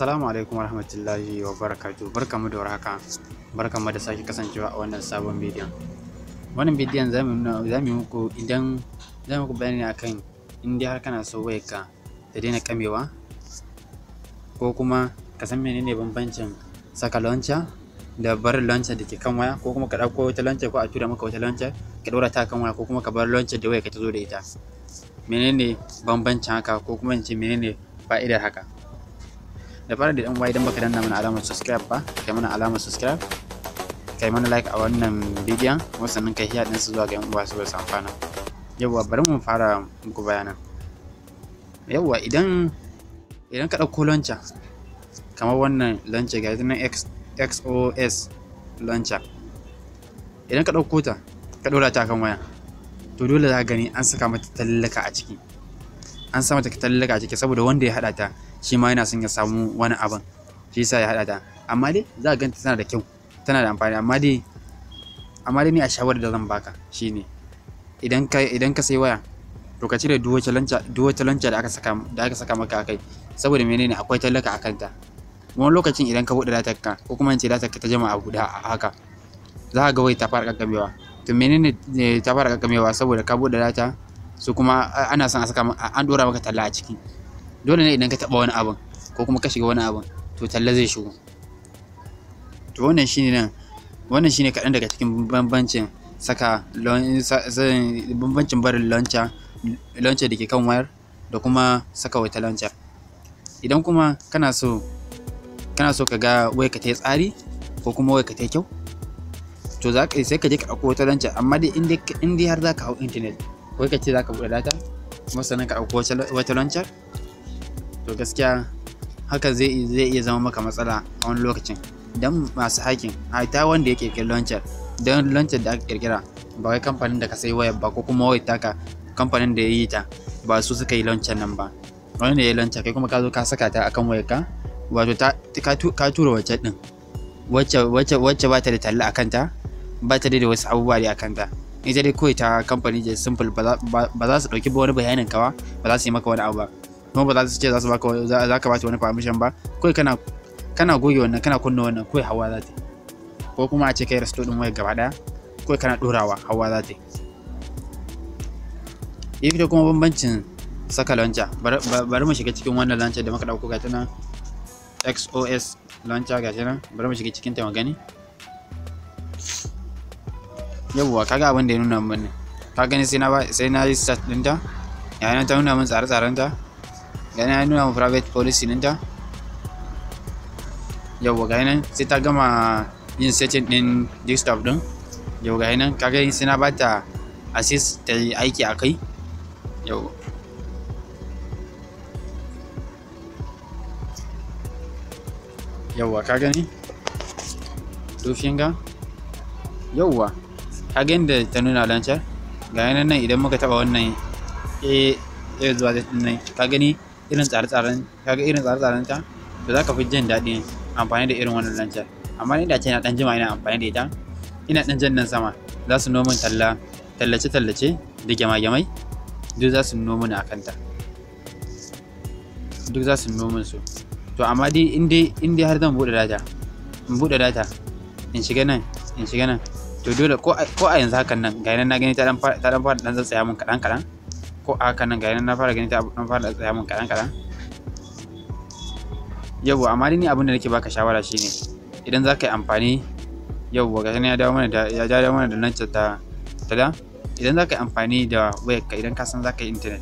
Assalamu alaikum warahmatullahi wabarakatuh barkamu da warhaka barkamu da sake kasancewa a wannan sabon bidiyon wannan bidiyon za mu muku idan za mu bayani akan in dai har kana so wayarka ta daina kamewa ko kuma ka san menene bambancin saka launcher da barin launcher da ke kan waya ko kuma ka ɗauko wata launcher ko a tura maka wata launcher ka ɗora ta kan waya ko kuma ka bar launcher da wayarka ta zo da ita menene bambancin haka ko kuma in ce menene fa'idar haka da fara da yan uwa idan baka danna mana alamar subscribe ba kai mana alamar subscribe kai mana like a wannan bidiyon sannan kai hiya su zuwa ga yan uwa su ba amfana yawwa bari mu fara muku bayanan yawwa idan idan ka ɗauko launcher kamar wannan launcher ga nan xos launcher idan ka ɗauko ta ka ɗora ta kan waya to dole za ka gani an saka mata tallaka a ciki an sa mata tallaka a ciki saboda wanda ya haɗa ta shi ma yana son ya samu wani abin shi yasa ya haɗa ta amma dai za ka ganta tana da kyau tana da amfani amma dai amma dai ni a shawarar da zan baka shine idan ka idan ka sai waya to ka cire duk wata lanca duk wata da aka saka da aka saka maka akai saboda menene akwai tallaka akan ta wani lokacin idan ka buɗe datar ka ko kuma in ce datar ka ta jama'a guda haka za ka ga wai ta fara kakkamewa to menene ta fara kakkamewa saboda ka buɗe data su kuma ana son a saka an ɗora maka talla a ciki dole ne idan ka taɓa wani abin ko kuma ka shiga wani abin to talla zai shigo to wannan shine nan wannan shine kaɗan daga cikin bambancin saka bambancin barin launcher launcher da ke kan wayar da kuma saka wata launcher idan kuma kana so kana so ka ga wai ka ta tsari ko kuma wai ka ta kyau to za ka sai ka je ka ɗauko wata launcher amma dai in dai har za ka hau intanet wai ka ce za ka buɗe data kuma sannan ka ɗauko wata launcher to gaskiya hakan zai zai iya zama maka matsala a wani lokacin dan masu hakin haita wanda ya kirkiri launcher don launcher da aka kirkira ba wai kamfanin da ka sai wayar ba ko kuma wayar taka kamfanin da ya yi ta ba su suka yi launcher nan ba wani da ya yi launcher kai kuma ka zo ka saka ta akan wayar ka wato ka tura wacce din wacce ba ta da talla a kanta ba ta da wasu abubuwa da a kanta ita dai kawai ta kamfani da simple ba za su ɗauki wani bayanin kawa ba za su yi maka wani abu ba kuma ba za su ce za su baka za ka bata wani permission ba kawai kana kana goge wannan kana kunna wannan kawai hawa za ta ko kuma a ce kai restore din waya gaba daya kawai kana dorawa hawa za ta yi da kuma bambancin saka launcher bari mu shiga cikin wannan launcher da muka dauko ga tana XOS launcher ga tana bari mu shiga cikin ta magani yawwa kaga abin da ya nuna min ka gani sai na sai na yi start din ta yayin ta nuna mun tsare-tsaren ta gani ya nuna private policy ninta yawwa ga nan sai ta gama yin setting din desktop din yau ga nan kaga sai na bata assist ta yi aiki a kai yau yauwa ka gani tofin ga yauwa ka gani da ta nuna lancar ga yanar nan idan muka taba wannan a zuwa nan ka gani irin tsare-tsaren kaga irin tsare-tsaren ta to za ka fi jin daɗin amfani da irin wannan lancar amma inda ce na ɗan jima ina amfani da ita ina ɗan jan nan sama za su nomin talla tallace-tallace da gyama-gyamai duk za su nomi a kanta duk za su nomin su to amma dai in dai har zan buɗe data in buɗe data in shiga nan in shiga nan to dole ko a yanzu hakan nan ga nan na gani ta ɗan fara ɗan tsaya mun kaɗan-kaɗan ko a haka nan ga na fara gani ta dan fara tsaya mun kaɗan kaɗan yau amma ni abin da nake baka shawara shine idan za ka yi amfani yau ga ya dawo mana da ya dawo mana da nan ta ta da idan za ka yi amfani da wayarka idan ka san za ka yi internet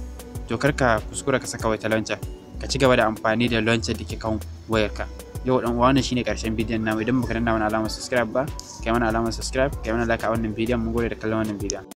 to kar ka kuskura ka saka wayar ta ka ci gaba da amfani da launcha da ke kan wayarka yau dan uwa wannan shine karshen bidiyon namu idan baka danna mana alamar subscribe ba kai mana alamar subscribe kai mana like a wannan bidiyon mun gode da kallon wannan bidiyon